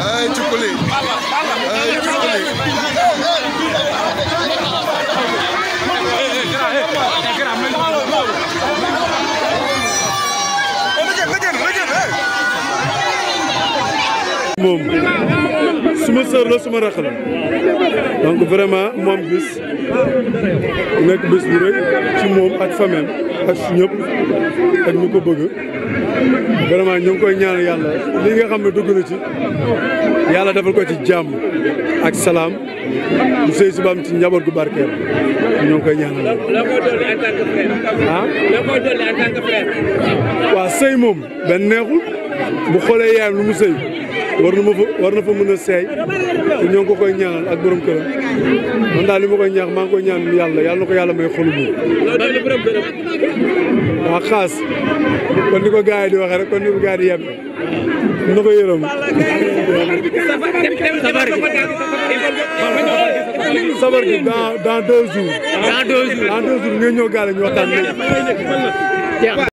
ay cukkuli ay moom suma sër suma rax donc vraiment moom bis nekk bis bu rëy ci moom ak famem ak ñëpp ak ñu ko bëgg vraiment ñu ngi koy ñaanal yàlla li nga xam ne dugg na ci yàlla defal ko ci jàmm ak salaam mu sëy si baam ci njaboot gu barkeel ñu ngi koy ñaanal ah waaw sëy moom benn neexul bu xoolee yaayam lu mu sëy war na ma fa war na fa mën a seey te ñoo ngi ko koy ñaanal ak borom këram man daal li koy ñaax maa ngi koy ñaan yàlla yàlla na ko yàlla may waaw xaas kon ni ko gars yi di waxee rek kon ni ko gars yi di yem na ko yërëm sabar gi dans dans deux jours dans deux jours nga ñëw gaale ñu waxtaan léegi